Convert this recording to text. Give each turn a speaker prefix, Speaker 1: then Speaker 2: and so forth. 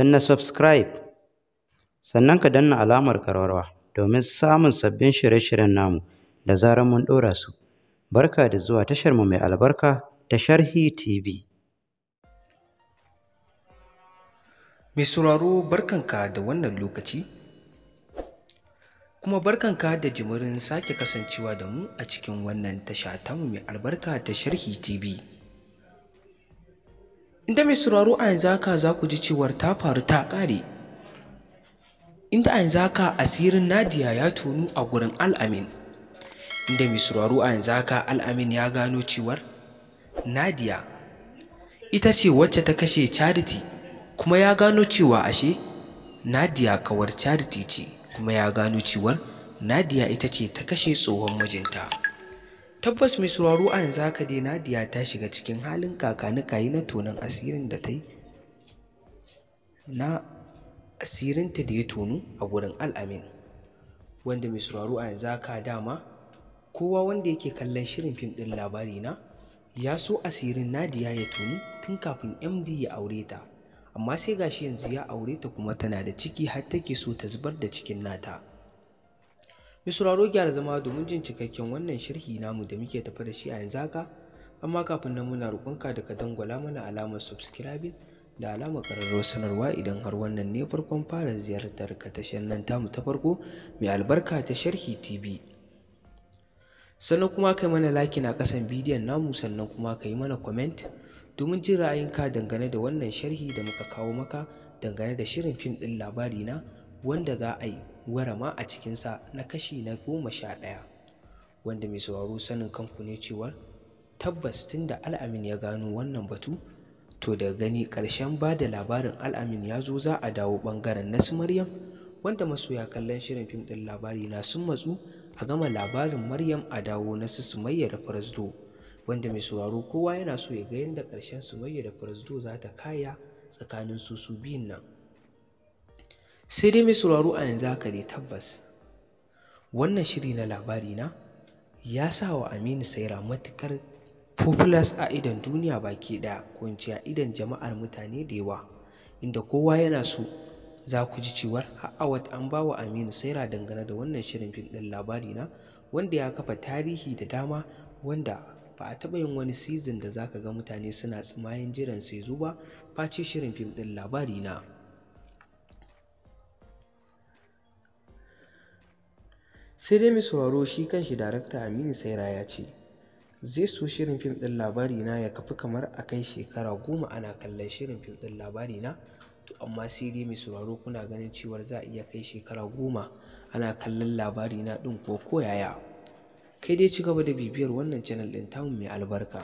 Speaker 1: na subscribe sannan ka danna alamar karwarwa domin samun sabbin shirye-shiryen namu da zarar mun ɗora su barka da zuwa tashar mu mai albarka ta sharhi tv mai sauraro barkanka da wannan lokaci kuma barkanka da jimirin sake kasancewa da mu a cikin wannan tasha tamu mai albarka ta sharhi tv inda mai sauraro a yanzu haka za ku ji cewar ta faru ta ƙare inda a yanzu haka asirin nadiya ya tonu a gurin al'amin inda mai sauraro a yanzu haka al'amin ya gano cewar nadiya ita ce wacce ta kashe charity kuma ya gano cewa ashe nadiya kawar charity ce kuma ya gano cewar nadiya ita ce ta kashe tsohon mijinta tabbas mai sauraro a yanzu haka dai Nadiya ta shiga cikin halin kakanikayi na tonon asirin da ta yi na asirinta da ya tonu a gurin al'amin wanda mai sauraro a yanzu haka dama kowa wanda yake kallon shirin fim ɗin labari na ya so asirin Nadiya ya tonu tun kafin MD ya aure ta amma sai gashi yanzu ya aure ta kuma tana da ciki har take so ta zubar da cikin nata Mai sauraro gyara zama domin jin cikakken wannan sharhi namu da muke tafa da shi a yanzu haka. Amma kafin nan muna roƙonka da ka dangwala mana alamar subscribing da alamar ƙararrawar sanarwa idan har wannan ne farkon fara ziyartar ka tashar nan tamu ta farko mai albarka ta sharhi TV. Sannan kuma ka yi mana laki a ƙasan bidiyon namu sannan kuma ka yi mana comment domin jin ra'ayinka dangane da wannan sharhi da muka kawo maka dangane da shirin fim ɗin labari na wanda za a yi warama a cikinsa na kashi na goma sha ɗaya wanda mai sauraro sanin kanku ne cewar tabbas tun da al'amin ya gano wannan batu to daga gani ƙarshen ba da labarin al'amin ya zo za a dawo ɓangaren nasu maryam wanda masoya kallon shirin fim ɗin labari na sun matsu a gama labarin maryam a dawo na su sumayya da farasdo wanda mai sauraro kowa yana so ya ga yadda ƙarshen sumayya da farasdo za ta kaya tsakanin su su biyun nan sai dai mai sauraro a yanzu haka dai tabbas wannan shiri na labari na ya sa wa aminu saira matukar populous a idon duniya baki ɗaya ko in a idan jama'ar mutane da yawa inda kowa yana so za ku ji cewar wata an ba wa aminu saira dangane da wannan shirin fim ɗin labari na wanda ya kafa tarihi da dama wanda ba a taba yin wani season da za ka ga mutane suna tsimayen jiran sai ba face shirin fim ɗin labari na sai dai mai sauraro shi kanshi darakta aminu saira ya ce zai so shirin fim ɗin labari na ya kafi kamar a kai shekara goma ana kallon shirin fim ɗin labari na to amma sai dai mai sauraro kuna ganin cewa za a iya kai shekara goma ana kallon labari na ɗin ko yaya? kai dai ci gaba da bibiyar wannan channel ɗin tamu mai albarka